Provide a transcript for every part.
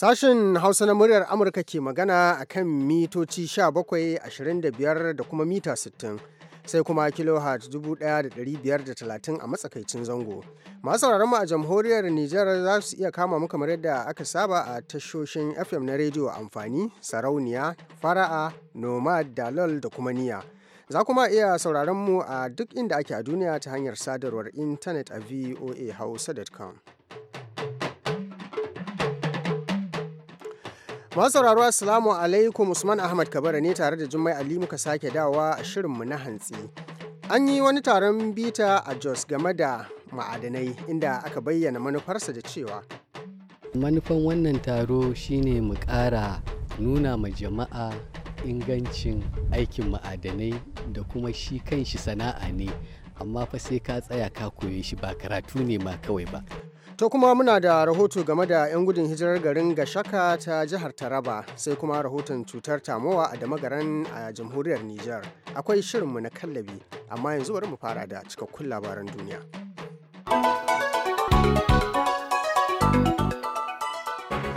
Sashen Hausa na muryar Amurka ke magana a kan mitoci 17, 25 da kuma mita 60. sai kuma kilohertz 1530 a matsakaicin zango. Masu sauraron mu a jamhuriyar Nijar za su iya kama mu kamar yadda aka saba a tashoshin FM na rediyo amfani, sarauniya, fara'a, nomad, dalol da kuma niya. Za kuma iya sauraron mu a duk inda ake a duniya ta hanyar sadarwar intanet a voahausa.com. Masu sauraro Assalamu alaikum Usman Ahmad Kabara ne tare da Jummai Ali muka sake dawa a shirinmu na hantsi. An yi wani taron bita a Jos game da ma'adanai inda aka bayyana manufarsa da cewa. Manufan wannan taro shine mu ƙara nuna ma jama'a ingancin aikin ma'adanai da kuma shi kanshi sana'a ne amma fa sai ka tsaya ka koye shi ba karatu ne ma kawai ba. To kuma muna da rahoto game da 'yan gudun hijirar garin Gashaka ta jihar Taraba sai kuma rahoton cutar tamowa a damagaran a jamhuriyar Nijar. Akwai shirinmu na kallabi amma yanzu bari mu fara da cikakkun labaran duniya.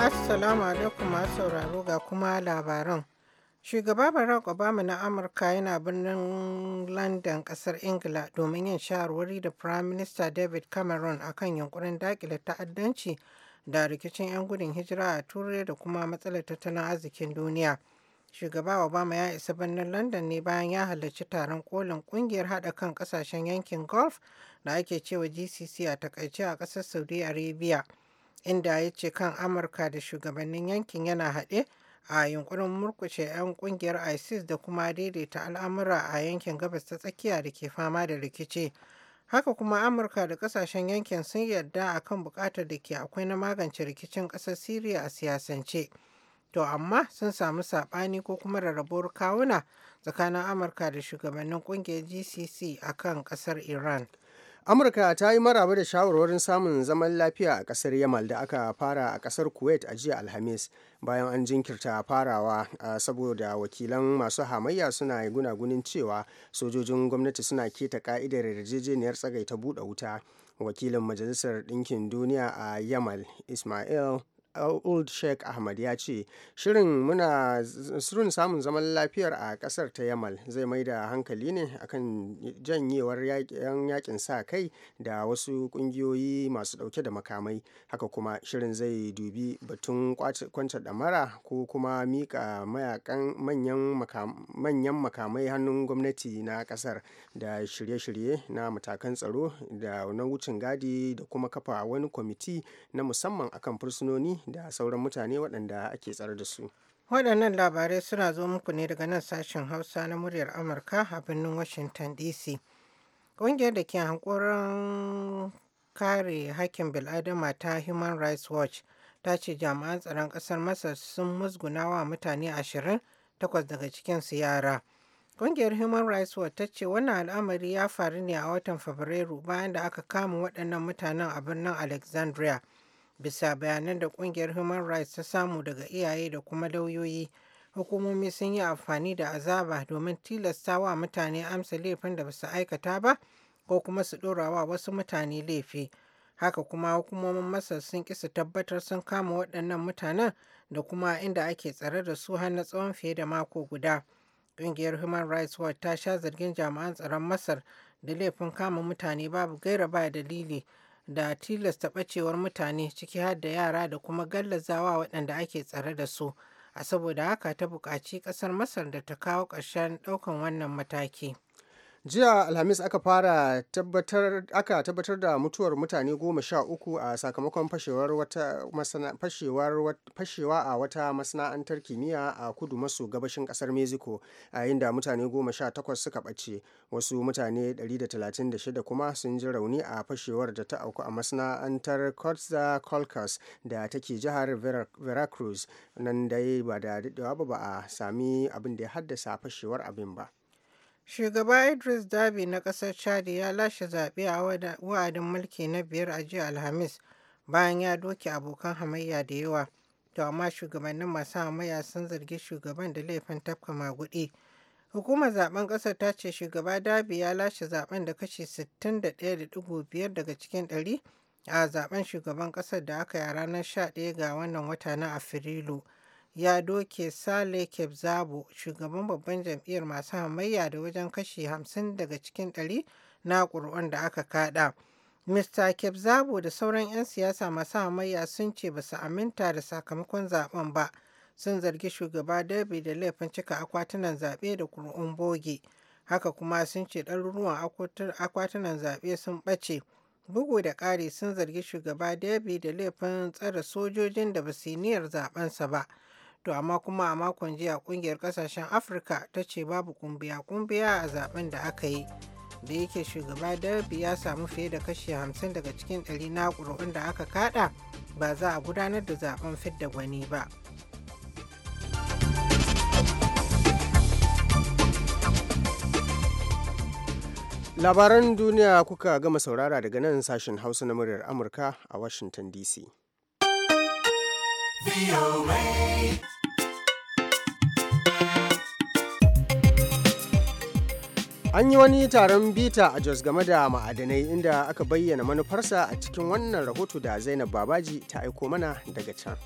Assalamu alaikum masu sauraro ga kuma labaran. Shugaba Barack Obama na Amurka yana birnin London, ƙasar Ingila domin yin shawarwari da Prime Minister David Cameron a kan yunƙurin daƙile ta'addanci da rikicin 'yan gudun hijira a Turai da kuma matsalar tattalin arzikin duniya. Shugaba Obama ya isa birnin London ne bayan ya halarci taron kolin ƙungiyar haɗa kan ƙasashen yankin golf da ake cewa GCC a takaice a ƙasar Saudi Arabia, inda ya ce kan Amurka da shugabannin yankin yana haɗe a yunkurin murkushe 'yan kungiyar isis da kuma daidaita al'amura a yankin gabas ta tsakiya da ke fama da rikici haka kuma amurka da kasashen yankin sun yarda akan bukatar da ke akwai na magance rikicin kasar siriya a siyasance to amma sun samu saɓani ko kuma rarrabuwar kawuna tsakanin amurka da shugabannin kungiyar gcc a kan kasar iran amurka ta yi maraba da shawarwarin samun zaman lafiya a kasar yamal da aka fara a kasar kuwait a jiya alhamis bayan an jinkirta farawa saboda wakilan masu hamayya suna gunagunin cewa sojojin gwamnati suna keta ka'idar yarjejeniyar tsagaita buɗe wuta wakilin majalisar ɗinkin duniya a yamal ismail old sheikh ahmad ya ce shirin muna surun samun zaman lafiyar a kasar ta yamal zai mai da hankali ne akan janyewar yan yakin sa kai da wasu kungiyoyi masu dauke da makamai haka kuma shirin zai dubi batun kwance damara ko kuma mika mayakan manyan makamai hannun gwamnati na kasar da shirye-shirye na matakan tsaro da na wucin gadi da kuma kafa wani kwamiti na musamman akan fursunoni da sauran mutane waɗanda ake tsare da su. Waɗannan labarai suna zo muku ne daga nan sashen Hausa na muryar Amurka a birnin Washington DC. Ƙungiyar da ke hankoron kare hakkin bil'adama ta Human Rights Watch ta ce jami'an tsaron ƙasar Masar sun musguna wa mutane ashirin takwas daga cikinsu yara. Ƙungiyar Human Rights Watch ta ce wannan al'amari ya faru ne a watan Fabrairu bayan da aka kama waɗannan mutanen a birnin Alexandria. bisa bayanan da kungiyar human rights ta samu daga iyaye da kuma lauyoyi hukumomi sun yi amfani da azaba domin tilasta wa mutane amsa laifin da basu aikata ba ko kuma su wa wasu mutane laifi haka kuma hukumomin masar sun ƙi su tabbatar sun kama waɗannan mutanen da kuma inda ake tsare da su har na tsawon fiye da mako guda ƙungiyar human rights watch ta sha zargin jami'an tsaron masar da laifin kama mutane babu gaira ba dalili da tilasta ɓacewar mutane ciki har da yara da kuma gallazawa waɗanda ake tsare da su a saboda haka ta buƙaci ƙasar masar da ta kawo ƙarshen ɗaukan wannan mataki jiya alhamis aka fara tabbatar aka tabbatar da mutuwar mutane goma sha uku a sakamakon fashewar wata fashewar fashewa a wata masana'antar kimiyya a kudu maso gabashin kasar mexico a da mutane goma sha takwas suka ɓace wasu mutane 136 kuma sun ji rauni a fashewar da ta auku a masana'antar costa colcas da take jihar veracruz nan dai ba da daɗewa ba ba a sami abin da ya haddasa fashewar abin ba Shugaba Idris Dabi na ƙasar Chadi ya lashe zaɓe a wa'adin mulki na biyar a jiya Alhamis bayan ya doke abokan hamayya da yawa. To amma shugabannin masu hamayya sun zargi shugaban da laifin tafka maguɗi. Hukumar Zaɓen ƙasar ta ce shugaba Dabi ya lashe zaɓen da kashi 61.5 daga cikin 100 a zaɓen shugaban ƙasar da aka yi a ranar 11 ga wannan wata na Afrilu. ya doke Sale zabo shugaban babban jam'iyyar masu hamayya da wajen kashi 50 daga cikin 100 na ƙuri'un da aka kada. cape zabo da sauran 'yan siyasa masu hamayya sun ce ba su aminta da sakamakon zaben ba. Sun zargi shugaba Derby da laifin cika akwatunan zaɓe da ƙuri'un boge. Haka kuma sun ce ɗaruruwan akwatunan zaɓe sun ɓace. Bugu da ƙari sun zargi shugaba Derby da laifin tsare sojojin da ba su yi niyyar zaɓensa ba. To amma kuma a makon jiya kungiyar kasashen Afirka ta ce babu kumbiya-kumbiya a zaben da aka yi. Da yake shugaba Darbi ya samu fiye da kashi 50 daga cikin dari na ƙuri'un da aka kada ba za a gudanar da zaben fidda gwani ba. Labaran duniya kuka gama saurara daga nan sashen Hausa na muryar Amurka a Washington DC. An yi wani taron bita a Jos game da ma'adanai inda aka bayyana manufarsa a cikin wannan rahoto da Zainab Babaji ta aiko mana daga can.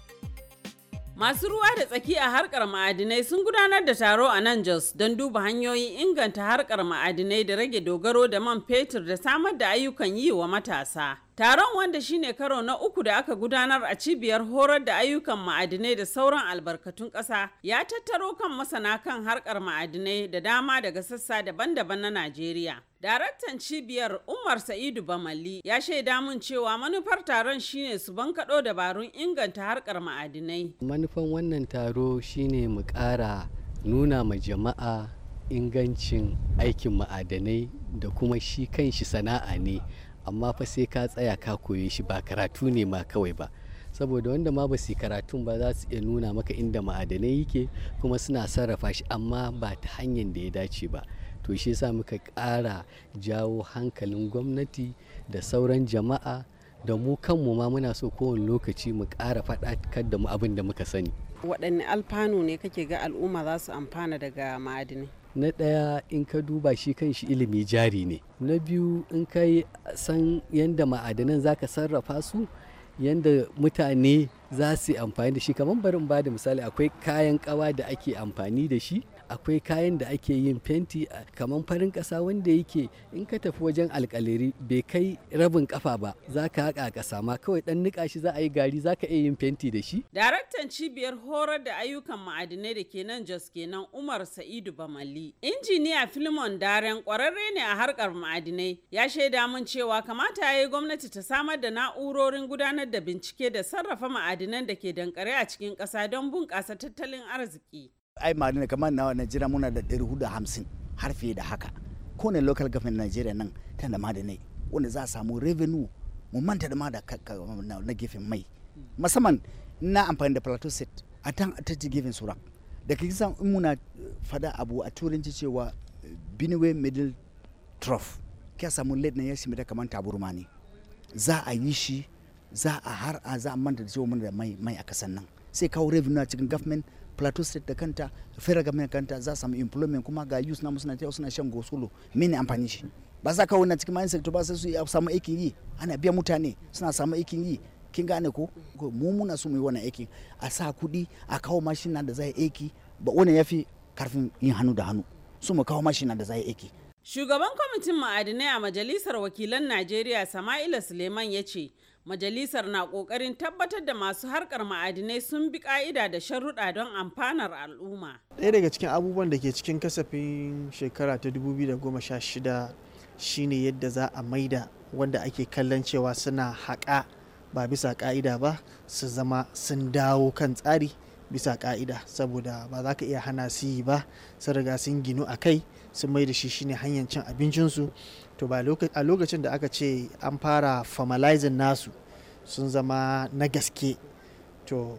Masu ruwa da tsaki a harkar ma'adinai sun gudanar da taro a nan Jos don duba hanyoyin inganta harkar ma'adinai da rage dogaro da man fetur da samar da ayyukan yi wa matasa. Taron wanda shine karo na uku da aka gudanar a cibiyar horar da ayyukan ma'adinai da sauran albarkatun ƙasa ya tattaro kan masana kan harkar ma'adinai da dama daga sassa daban-daban na Najeriya. Daraktan cibiyar Umar Sa'idu Bamali ya shaida mun cewa manufar taron shine su bankaɗo dabarun inganta harkar ma'adinai. Manufan wannan taro shine mu ƙara nuna ma jama'a ingancin aikin ma'adanai da kuma shi kanshi sana'a ne. amma fa sai ka tsaya ka koye shi ba karatu ne ma kawai ba saboda wanda ma ba su karatun ba za su iya nuna maka inda ma'adanai yake kuma suna sarrafa shi amma ba ta hanyar da ya dace ba to shi sa muka ƙara jawo hankalin gwamnati da sauran jama'a da mu kanmu ma muna so kowane lokaci mu ƙara faɗakar da mu abin da muka sani waɗanne alfanu ne kake ga al'umma za su amfana daga ma'adinai na ɗaya in ka duba shi kan shi ilimi jari ne na biyu in ka san yadda ma'adanan za ka sarrafa su yadda mutane za su yi amfani da shi kamar barin ba da misali akwai kayan kawa da ake amfani da shi akwai kayan da ake yin fenti kamar farin kasa wanda yake in ka tafi wajen alƙaliri bai kai rabin kafa ba za ka haƙa ƙasa ma kawai ɗan niƙa shi za a yi gari za ka iya yin fenti da shi. daraktan cibiyar horar da ayyukan ma'adinai da ke nan jos kenan umar sa'idu bamali injiniya filimon daren kwararre ne a harkar ma'adinai ya shaida mun cewa kamata ya yi gwamnati ta samar da na'urorin gudanar da bincike da sarrafa ma'adinai ma'adinan da ke dankare a cikin ƙasa don bunƙasa tattalin arziki. Ai ma'adinai kamar na jira muna da 450 har fiye da haka. Kone local government Nigeria nan tana da ma'adinai wanda za a samu revenue mu manta da ma da na gefen mai. Musamman na amfani da plateau set a tan tattalin gefen sura. Da kake san in muna fada abu a turanci cewa Benue middle trough. Kya samu late na ya da kamar taburma ne. Za a yi shi za a har a za a manta da cewa da mai mai a kasan nan sai kawo revenue a cikin government plateau state da kanta federal government kanta za samu employment kuma ga youth na suna tafiya suna shan gosulo mene amfani shi ba za kawo na cikin mine sector ba sai su samu aikin yi ana biya mutane suna samu aikin yi kin gane ko mu muna so mu yi wannan aikin a sa kuɗi a kawo mashina da zai aiki ba ya yafi karfin yin hannu da hannu su mu kawo mashina da zai aiki Shugaban kwamitin ma'adinai a Majalisar Wakilan Najeriya Sama'ila Suleiman ya ce, Majalisar na kokarin tabbatar da masu harkar ma'adinai sun bi ka'ida da sharuɗa don amfanar al'umma. Ɗaya daga cikin abubuwan da ke cikin kasafin shekara ta 2016 shine yadda za a maida wanda ake kallon cewa suna haƙa ba bisa ƙa'ida ba su zama sun dawo kan tsari bisa ka'ida saboda ba za ka iya hana su yi ba sun riga sun ginu a kai sun mai da shi shine hanyar cin abincinsu to ba a lokacin da aka ce an fara formalizing nasu sun zama na gaske to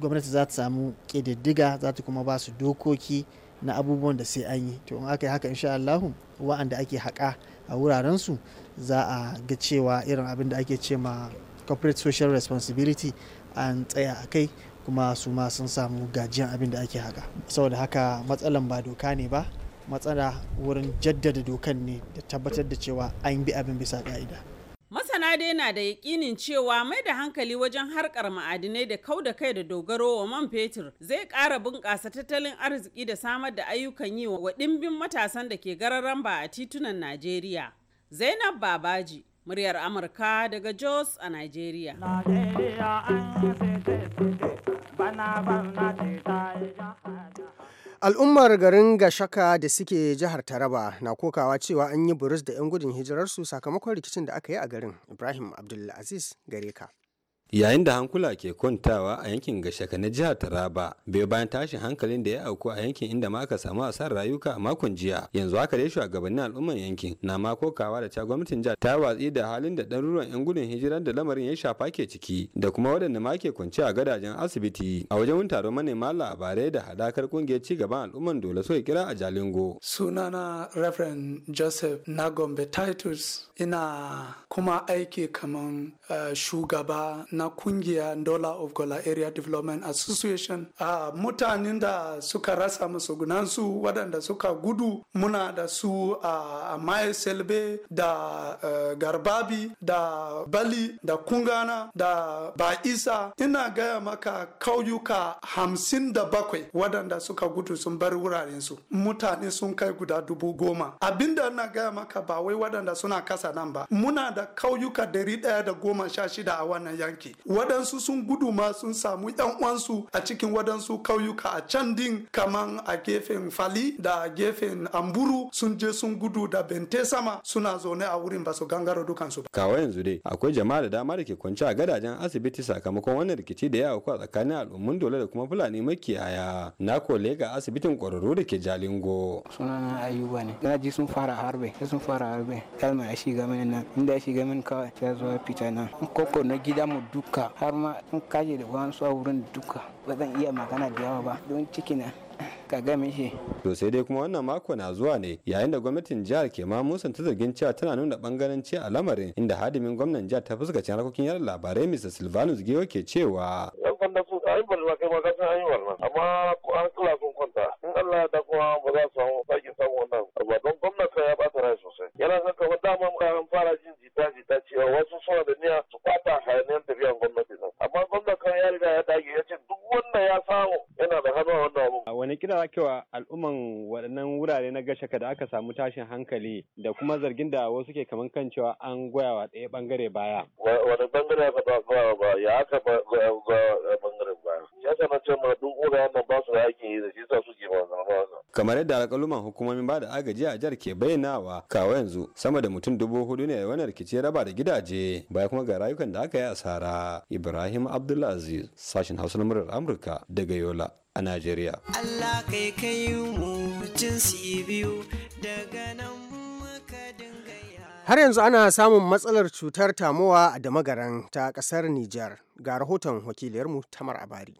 gwamnati za ta samu ƙididdiga za ta kuma ba su dokoki na abubuwan da sai an yi to in aka yi haka insha Allah wa'anda ake haƙa a wurarensu za a ga cewa irin abin da ake ce ma corporate social responsibility an tsaya a kai kuma su ma sun samu gajiyan abin da ake haka saboda haka matsalan ba doka ne ba matsala wurin jaddada dokan ne da tabbatar da cewa an bi abin bisa ka'ida masana dai na da yakinin cewa mai da hankali wajen harkar ma'adinai da kau da kai da dogaro wa man fetur zai ƙara bunƙasa tattalin arziki da samar da ayyukan yi wa ɗimbin matasan da ke gararan ba a titunan najeriya zainab babaji Muryar Amurka daga Jos a nigeria. Al'ummar garin Gashaka da suke jihar Taraba na kokawa cewa an yi burus da 'yan gudun hijirarsu sakamakon rikicin da aka yi a garin Ibrahim Abdulaziz gare ka. yayin da hankula ke kwantawa a yankin gashaka na jihar taraba bai bayan tashin hankalin da ya auku a yankin inda ma aka samu asar rayuka a makon jiya yanzu haka dai shugabannin al'umman yankin na ma kokawa da cewa gwamnatin jihar ta watsi da halin da ɗaruruwan yan gudun hijirar da lamarin ya shafa ke ciki da kuma waɗanda ma ke kwance a gadajen asibiti a wajen wani taron manema labarai da hadakar kungiyar ci gaban al'umman dole ya kira a jalingo sunana reverend joseph na gombe titus ina kuma aiki kamar eh, shugaba na na kungiya Ndola of Gola Area Development Association. A mutanen da suka rasa gunansu waɗanda suka gudu muna da su a Maye Selbe da e, Garbabi da Bali da Kungana da Ba'isa. Ina gaya maka kauyuka hamsin da bakwai waɗanda suka gudu sun bar wurarensu. Mutane sun kai guda dubu goma. Abinda na gaya maka ba wai waɗanda suna kasa nan ba. Muna da kauyuka dari ɗaya da goma sha shida a wannan yanki. take waɗansu sun gudu ma sun samu yan uwansu a cikin waɗansu kauyuka a can din kaman a gefen fali da gefen amburu sun je sun gudu da bente sama suna zaune a wurin ba su gangaro dukansu ba kawai yanzu dai akwai jama'a da dama da ke kwance a gadajen asibiti sakamakon wannan rikici da ya auku a tsakanin al'ummun dole da kuma fulani makiyaya na kole ga asibitin kwararru da ke jalingo sunana ayuba ne na ji sun fara harbe sun fara harbe kalma ya shiga mini nan inda ya shiga mini kawai ya zuwa fita nan koko na gida mu duka har ma in kaje da wasu a wurin duka ba zan iya magana da yawa ba don ciki na ka game To sai dai kuma wannan mako na zuwa ne yayin da gwamnatin jihar ke ma ta zargin cewa tana nuna bangaranci a lamarin inda hadimin gwamnan jihar ta fuskacin harkokin yada labarai Mr. Silvanus Geo ke cewa. Yan kwanda su ayi balwa kai ma ka san ayi wannan. amma an kula sun kwanta in Allah ya da kuma ba za su samu sake samu wannan ba don gwamnati ya bata rai sosai yana son kamar dama wasu suna da niyya su kwata hayaniyar tafiyan gwamnati nan amma gwamnati kan ya riga ya dage ya ce duk wanda ya samu yana da hannu wani kira za wa al'umman waɗannan wurare na gashaka da aka samu tashin hankali da kuma zargin da wasu ke kaman kan cewa an goya wa ɗaya bangare baya. Wani bangare aka ba ba ba ya aka ba bangaren baya. Ya sanar cewa duk wuraren nan ba su aikin yi da shi sa suke ba kamar yadda alƙaluman hukumomin ba da agaji a jihar ke bayyanawa kawo yanzu sama da mutum dubu hudu ne wani rikici raba da gidaje baya kuma ga rayukan da aka yi asara ibrahim abdulaziz sashen hausa na murar amurka daga yola a Najeriya. Allah kai kai mu jinsi biyu daga nan muka dinga Har yanzu ana samun matsalar cutar tamowa a damagaran ta kasar Nijar ga rahoton wakiliyarmu Tamar Abari.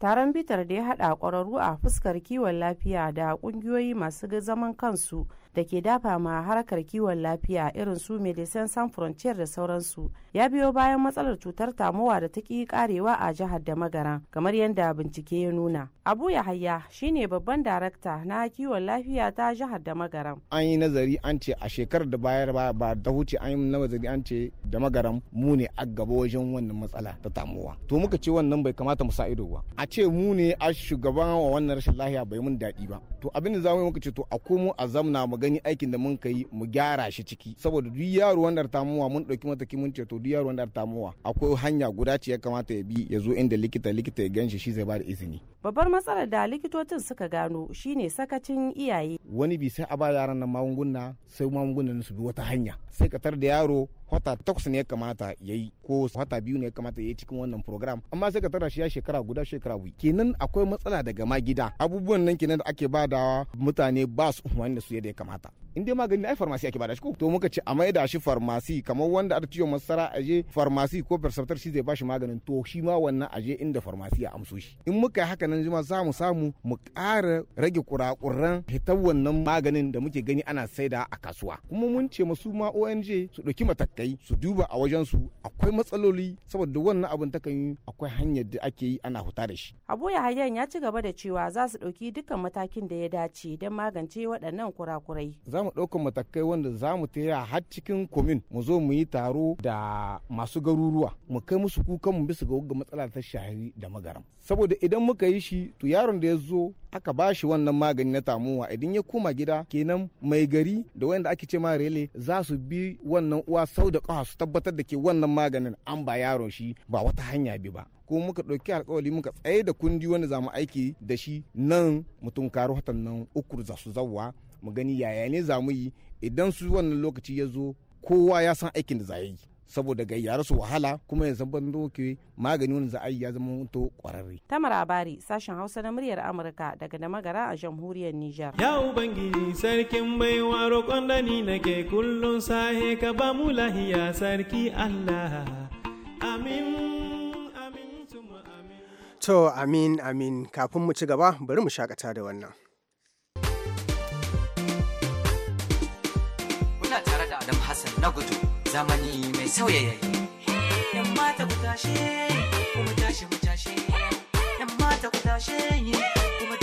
Taron bitar da ya haɗa ƙwararru a fuskar kiwon lafiya da ƙungiyoyi masu zaman kansu da ke dafa ma harkar kiwon lafiya irin su medecines sans frontier da sauransu ya biyo bayan matsalar cutar tamowa da ta ki karewa a jihar da magara kamar yadda bincike ya nuna abu yahaya shine babban darakta na kiwon lafiya ta jihar da magara. an yi nazari an ce a shekarar da bayar ba ba da huce an yi nazari an ce da magaram mu ne a gaba wajen wannan matsala ta tamowa to muka ce wannan bai kamata mu sa ido ba a ce mu ne a shugaban wa wannan rashin lafiya bai mun daɗi ba to abin da za mu muka ce to a komo a zamna mu gani aikin da mun kai mu gyara shi ciki saboda duk yaro wanda tamuwa mun ɗauki mataki mun ce to duk yaro wanda tamuwa akwai hanya guda ce ya kamata ya bi ya zo inda likita likita ya ganshi shi zai ba da izini babbar matsalar da likitocin suka gano shine sakacin iyaye wani bi sai a ba yaran nan magunguna sai magungunan su bi wata hanya sai ka tar da yaro wata takwas ne ya kamata ya yi ko wata biyu ne ya kamata ya yi cikin wannan program amma sai ka tara shi ya shekara guda shekara biyu kenan akwai matsala daga ma gida abubuwan nan kenan da ake badawa mutane ba su umarni da su yadda ya kamata in dai magani ai farmasi ake bada shi ko to muka ce a maida shi farmasi kamar wanda a ciwo masara aje farmasi ko perceptor shi zai bashi maganin to shi ma wannan aje inda farmasi ya amso shi in muka haka nan jima za mu samu mu ƙara rage kurakuran fitar wannan maganin da muke gani ana saida a kasuwa kuma mun ce masu ma ONG su ɗauki matakai su duba a wajen su akwai matsaloli saboda wannan abin kan yi akwai hanyar da ake yi ana huta da shi Abu Yahayan ya ci gaba da cewa za su ɗauki dukkan matakin da ya dace don magance waɗannan kurakurai za mu ɗaukar matakai wanda za mu taya har cikin komin mu zo mu yi taro da masu garuruwa mu kai musu kukan mu bisa ga wagga matsala ta shahari da magaram saboda idan muka yi shi to yaron da ya zo aka ba shi wannan magani na tamuwa idan ya koma gida kenan mai gari da wanda ake ce ma rele za su bi wannan uwa sau da ƙafa su tabbatar da ke wannan maganin an ba yaron shi ba wata hanya bi ba ko muka ɗauki alkawali muka tsaye da kundi wanda za mu aiki da shi nan mutum karo hatan nan uku za su zawa mu gani yaya ne za mu yi idan su wannan lokaci ya zo kowa ya san aikin da za yi saboda ga yara su wahala kuma ya zama doke magani wani za a yi ya zama to kwararre. Tamar Abari sashen Hausa na muryar Amurka daga da magara a jamhuriyar Nijar. Ya Ubangiji sarkin baiwa roƙon da ni nake kullum sahe ka ba mu lahiya sarki Allah. Amin. amin To amin amin kafin mu ci gaba bari mu shakata da wannan. Kuna tare da Adam Hassan na gudu zamani mai sauya yayi. Yan mata ku tashe, kuma tashe mu tashe. Yan mata ku tashe, kuma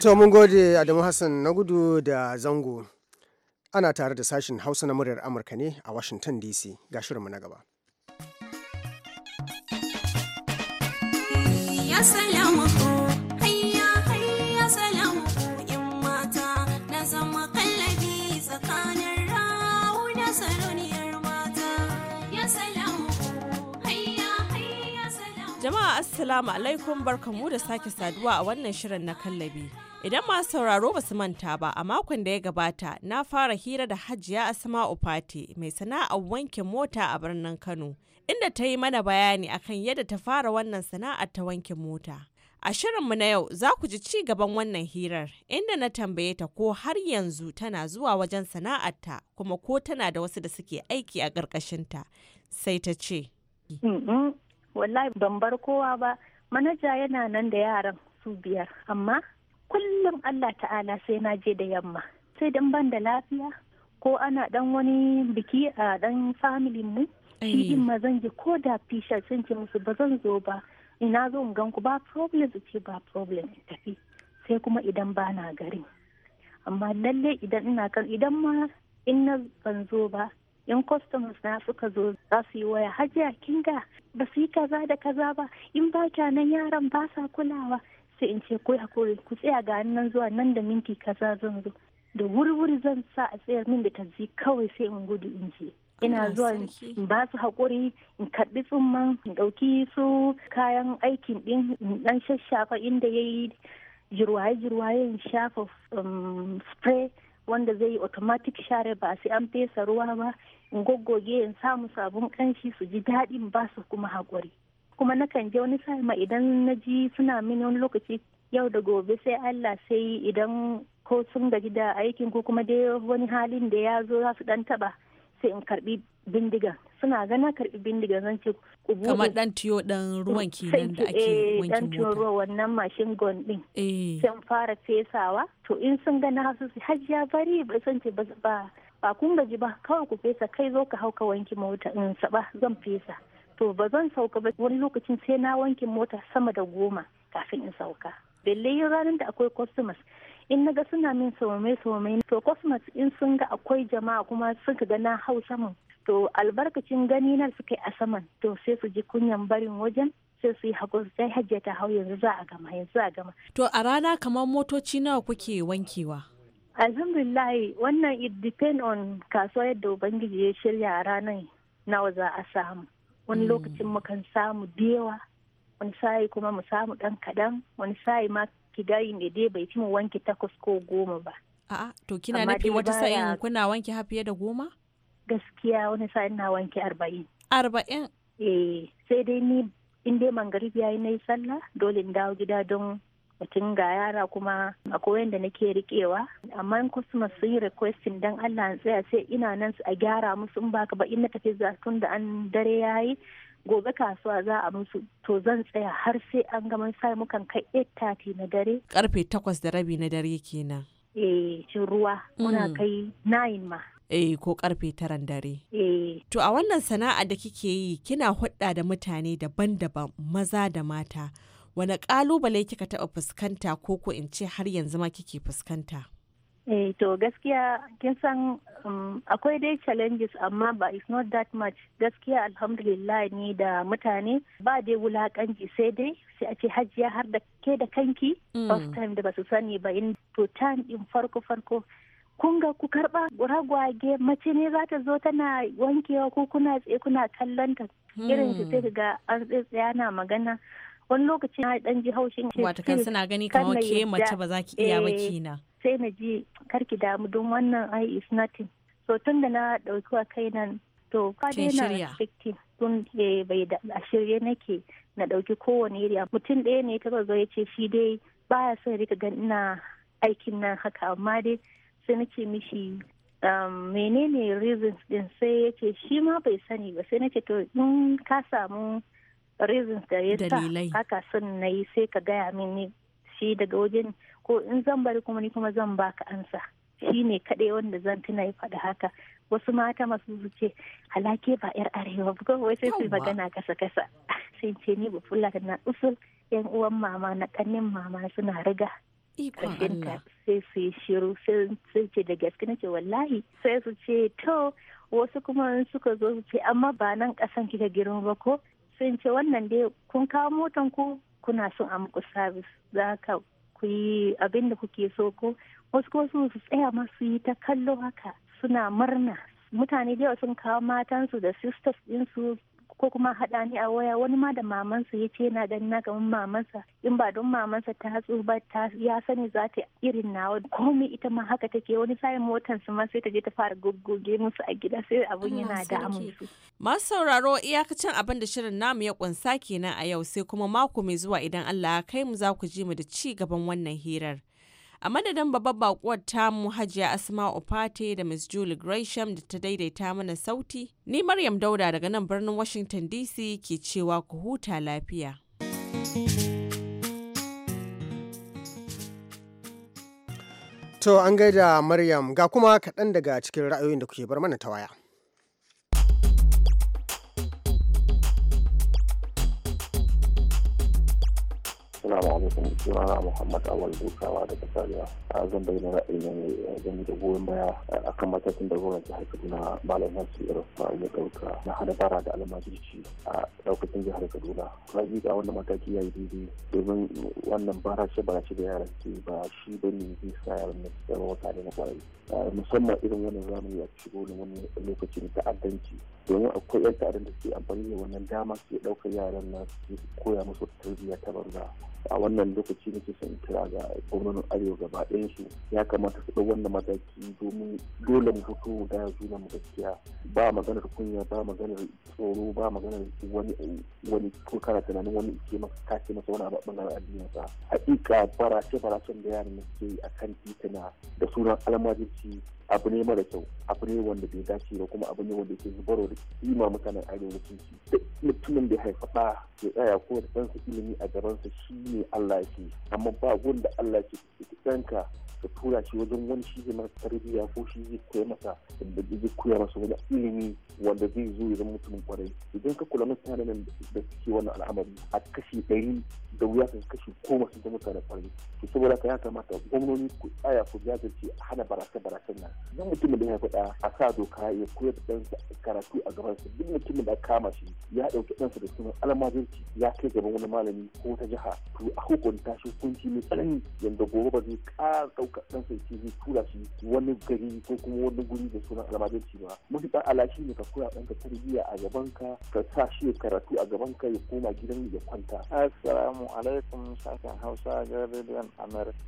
To mun gode Adamu Hassan na gudu da zango. Ana tare da sashen Hausa na muryar Amurka ne a Washington DC ga shirinmu na gaba. Ya salamu Jama'a Assalamu alaikum barkamu da sake saduwa a wannan shirin na kallabi. Idan masu sauraro ba su manta ba a makon da ya gabata na fara hira da hajiya Asma'u Fati mai sana'ar wanke mota a birnin Kano inda ta yi mana bayani akan yadda ta fara wannan sana'ar ta wanke mota. A shirinmu na yau za ku ji ci gaban wannan hirar inda na tambaye ta ko har yanzu tana zuwa wajen sana'arta kuma ko tana da wasu da suke aiki a ƙarƙashinta sai ta ce. wallahi ban bar kowa ba manaja yana nan da yaran su biyar amma kullum Allah ta'ala sai na je da yamma sai dan ban da lafiya ko ana dan wani biki a dan family mu shi eh. ma zan je ko da fisha sun ce musu ba zan zo ba ina zo in gan ba problem su ce ba problem tafi sai kuma idan ba na gari amma lalle idan ina kan idan ma in na ban zo ba yan customers na suka zo za su yi waya hajiya kinga ba su yi kaza da kaza ba in ba nan yaran ba sa kulawa sai in ce ko hakuri ku tsaya ga nan zuwa nan da minti kaza zan zo da wurwuri zan sa a tsayar min da tazi kawai sai in gudu in je ina zuwa in ba su haƙuri in karɓi tsumman in ɗauki su kayan aikin ɗin in ɗan shashafa inda ya yi jirwaye-jirwaye in shafa um, spray wanda zai yi automatic share ba sai an fesa ruwa ba in goggoge in samu sabon kanshi su ji daɗin ba su kuma haƙuri kuma nakan je wani sa'ima idan na ji suna mini wani lokaci yau da gobe sai Allah sai idan ko sun gaji da aikin ko kuma dai wani halin da ya zo za su dan taba sai in karbi bindigan. suna gana karbi bindiga zan ce ku kamar dan tiyo dan ruwan kenan da ake eh, wankin dan tiyo ruwa wannan mashin gon din eh. sun fara fesawa to in sun gana har ya bari ba san ce ba ba kun gaji ba kawai ku fesa kai zo ka hauka ka wanki mota in saba zan fesa to ba zan sauka ba wani lokacin sai na wankin mota sama da goma kafin in sauka belle ranar da akwai customers in naga suna min saume saume to customers in sun ga akwai jama'a kuma sun ga na hau saman to albarkacin gani na suka yi a saman to sai su ji kunyan barin wajen sai su yi su sai hajjiya ta hau yanzu za a gama yanzu a gama. To a rana kamar motoci nawa kuke wankewa? Alhamdulillah wannan it depend on kasuwa yadda Ubangiji ya shirya a ranar nawa za a samu. Wani hmm. lokacin mukan samu dewa, wani sa'i kuma mu samu dan kaɗan, wani sa'i ma kidayin ne dai bai ci mu wanke takwas ko goma ba. A'a to kina nufi wata sa'in kuna wanke har fiye da goma? gaskiya wani sa'in na wanke arba'in arba'in eh sai dai ni in dai mangarib yayi na yi sallah dole in dawo gida don mutum ga yara kuma akwai wanda nake riƙewa. amma in customers sun yi requesting don Allah na tsaya sai ina nan a gyara musu in baka ba in na tafi za tun da an dare ya yi, gobe kasuwa za a musu to zan tsaya har sai an gama sai mukan kai 8:30 na dare karfe takwas da rabi na dare kenan eh shin ruwa muna mm. kai 9 ma Eh ko karfe taran dare. Eh. To a wannan sana'a da kike yi kina hudda da mutane daban-daban maza da mata. Wane kalubale kika taba fuskanta ko ko in ce har yanzu ma kike fuskanta? Eh to gaskiya kin san um, akwai dai challenges amma ba it's not that much gaskiya alhamdulillah ni da mutane ba dai wulakanci sai dai sai a ce hajiya har da ke da kanki mm. first time da ba su sani ba in to time din farko farko kunga ga ku karba ragwage mace ne za ta zo tana wankewa ko kuna tsaye kuna kallon ta hmm. irin ta sai ga an tsaya na magana wani lokaci na dan ji haushin ke wato kan suna gani kamar ke mace ba za ki iya ba eh, kina sai na ji karki damu don wannan ai is nothing so tun da na dauki wa kai nan to ka na tun bai da a shirye nake na dauki kowane iri mutum ɗaya ne ta zo ya ce shi dai baya son rika gan ina aikin nan haka amma dai sai nace mishi um, menene reasons din sai yace shima shi ma bai sani ba sai nace to in ka samu reasons da ya sa haka son na yi sai ka gaya mini shi daga wajen ko in zan bari kuma ni kuma zan baka ansa shi ne kaɗai wanda zan tuna ya faɗi haka wasu mata masu su alake ba yar arewa ba wai sai su magana kasa kasa sai ce ni ba fulla na usul yan uwan mama na kannin mama suna riga kashinta sai su yi shiru sai ce da gaske na ce wallahi sai su ce to wasu kuma suka zo su ce amma ba nan kasan kika girma ba ko sun ce wannan dai kun kawo motan ku kuna son a muku sabis za ka ku yi abin da kuke so ko wasu ko su su tsaya masu yi ta kallo haka suna murna mutane da sun kawo matansu da sisters ɗinsu ko kuma haɗa ni a waya wani ma da mamansa ya ce yana gani na gaban mamansa in ba don mamansa ta hatsu ba ta ya sani za ta irin nawa komai ita ma haka take wani sayin motar su ma sai ta je ta fara goggoge musu a gida sai abun ah, yana da Masu sauraro iyakacin abin da shirin namu ya kunsa kenan a yau sai kuma mako mai zuwa idan Allah ya kai mu za ku ji mu da ci gaban wannan hirar. a madadin babbar bakuwar tamu hajiya asma'u fate da ms julie gresham da ta daidaita mana sauti ni maryam dauda daga nan birnin washington dc ke cewa ku huta lafiya to an gaida maryam ga kuma kaɗan daga cikin ra'ayoyin da kuke bar mana ta waya Assalamu alaikum sunana Muhammad Awal Dukawa daga Sariya. A zan bayyana ra'ayi ne eh, game da goyon baya eh, a kan matakin da gwamnati jihar Kaduna Malam Nasu Irfa ya ɗauka na hana da almajirci a ɗaukacin jihar Kaduna. ga wannan mataki ya yi daidai domin wannan bara ce bara ce da yara. ke ba shi ba ne zai sa yaran na tsaro mutane na kwarai. Eh, musamman irin wannan zamani ya shigo da wani lokaci na ta'addanci domin akwai 'yan ta'addan da suke amfani da wannan dama su ɗaukar yaran na su koya musu tarbiyya ta banza. a wannan lokaci nake son kira ga gwamnonin arewa gaba su ya kamata su ɗau wannan mataki domin dole mu fito da juna mu gaskiya ba maganar kunya ba maganar tsoro ba maganar wani wani ko kana tunanin wani ke maka kace masa wani abu bangaren addinin sa ce farace faracen da yaran suke a kan titina da sunan almajirci abu ne mara kyau abu ne wanda bai dace ba kuma abu ne wanda ke zubarwa da kima mutanen arewaci duk mutumin da haifa ɗa ya tsaya ko da ɗansa ilimi a gaban gabansa shi ne Allah ke amma ba wanda Allah ke ɗanka ka tura shi wajen wani shi zai masa tarbiyya ko shi zai koya masa da zai koya masa wani ilimi wanda zai zo ya zama mutumin kwarai idan ka kula mutanen da suke wannan al'amari a kashi ɗari da wuya ka kashi goma sun zama mutanen kwarai to saboda ka ya kamata gwamnoni ku tsaya ku jajirce hana barasa barasan nan idan mutumin da ya haifa da a sa doka ya koyar da ɗansa karatu a gaban su duk mutumin da kama shi ya ɗauki ɗansa da sunan almajirci ya kai gaban wani malami ko ta jiha to a hukunta shi hukunci mai tsanani yanda gobe ba zai ƙara ɗauka ɗansa ya ce zai tura shi wani gari ko kuma wani guri da sunan almajirci ba mutuƙar ala shi ne ka koya ka tarbiyya a gaban ka ka sa shi ya karatu a gaban ka ya koma gidan ya kwanta. Assalamu alaikum sashen Hausa ga rediyon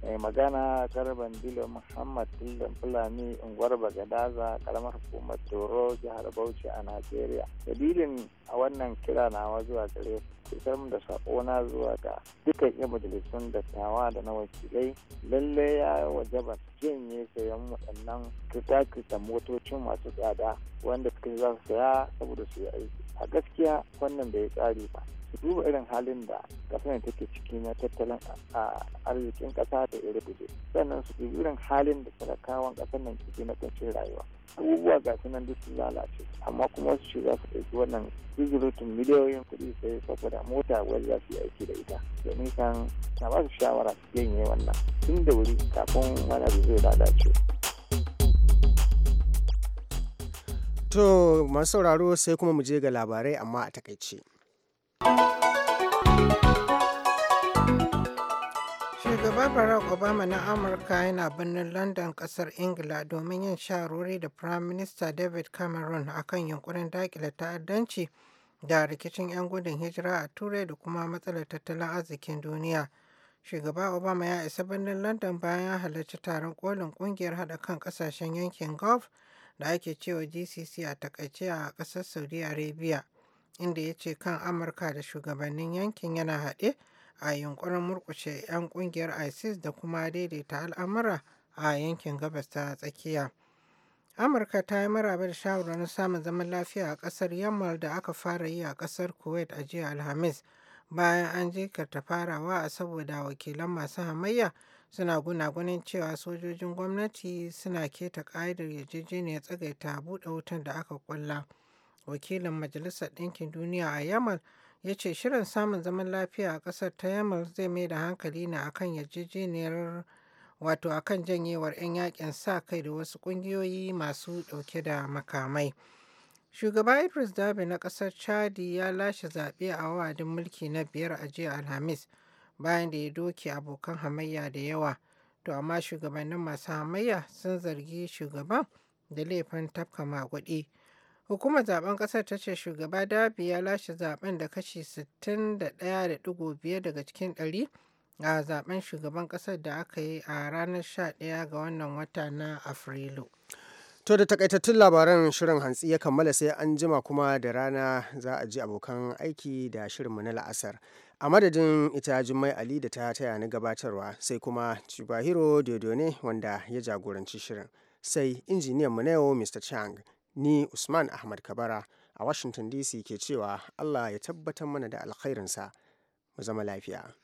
Mai magana Garban Dilo Muhammad dilo Fulani Ungwar Bagadaza a karamar hukumar tsoro jihar Bauchi a Najeriya. Dalilin a wannan kira nawa zuwa gare isar mu da na zuwa ga dukkan iya majalisun dattawa da na wakilai lalle ya wajaba janye sayan waɗannan kirta motocin masu tsada wanda suka za su saya saboda su yi aiki. a gaskiya wannan bai tsari ba duba irin halin da kasar take ciki na tattalin a arzikin kasa da iri rubuce sannan su dubi irin halin da talakawan kasar nan ke na kancin rayuwa abubuwa ga su nan duk su lalace amma kuma wasu shiga su ɗauki wannan zuzurutun miliyoyin kuɗi sai saboda mota wani za su yi aiki da ita domin kan na ba su shawara su yanye wannan tun da wuri kafin wani abu zai lalace. To masu sauraro sai kuma mu je ga labarai amma a takaice. Shugaba Barack Obama na Amurka yana birnin London kasar Ingila domin yin shawarwari da Prime Minister David Cameron a kan yunkurin daƙile ta'addanci da rikicin 'yan gudun hijira a Turai da kuma matsalar tattalin arzikin duniya. Shugaba Obama ya isa birnin London bayan halarci taron kolin kungiyar haɗa kan ƙasashen yankin Gulf da ake cewa GCC a takaice a ƙasar Saudi Arabia inda ya ce kan Amurka da shugabannin yankin yana haɗe a yunkurin murƙushe 'yan ƙungiyar ISIS da kuma daidaita al'amura a yankin gabas ta tsakiya. Amurka ta yi maraba da shawarar samun zaman lafiya a ƙasar Yammal da aka fara yi a ƙasar Kuwait a jiya Alhamis bayan an jikarta farawa a saboda wakilan masu hamayya suna gunagunin cewa sojojin gwamnati suna keta ƙa'idar yarjejeniyar tsagaita buɗe wutan da aka ƙulla. wakilin majalisar ɗinkin duniya a yamal ya ce shirin samun zaman lafiya a ƙasar ta yamal zai mai da hankali ne akan yarjejeniyar wato akan janyewar 'yan yakin sa kai da wasu ƙungiyoyi masu ɗauke da makamai shugaba idris dabi na ƙasar chadi ya lashe zaɓe a wa'adin mulki na biyar a jiya alhamis bayan da ya doke abokan hamayya da yawa to amma shugabannin masu hamayya sun zargi shugaban da laifin tafka maguɗi hukumar zaben kasar ta ce shugaba dabi ya lashe zaben da kashi 61.5 daga cikin 100 a zaben shugaban kasar da aka yi a ranar 11 ga wannan wata na afrilu To da takaitattun labaran shirin hantsi ya kammala sai an jima kuma da rana za a ji abokan aiki da shirinmu na la'asar. a madadin ita jummai ali da ta taya ni gabatarwa sai kuma chibahiro ne wanda ya jagoranci shirin sai injiniyan mu na yau mr chang ni usman ahmad kabara a washington dc ke cewa allah ya tabbatar mana da alkhairinsa mu zama lafiya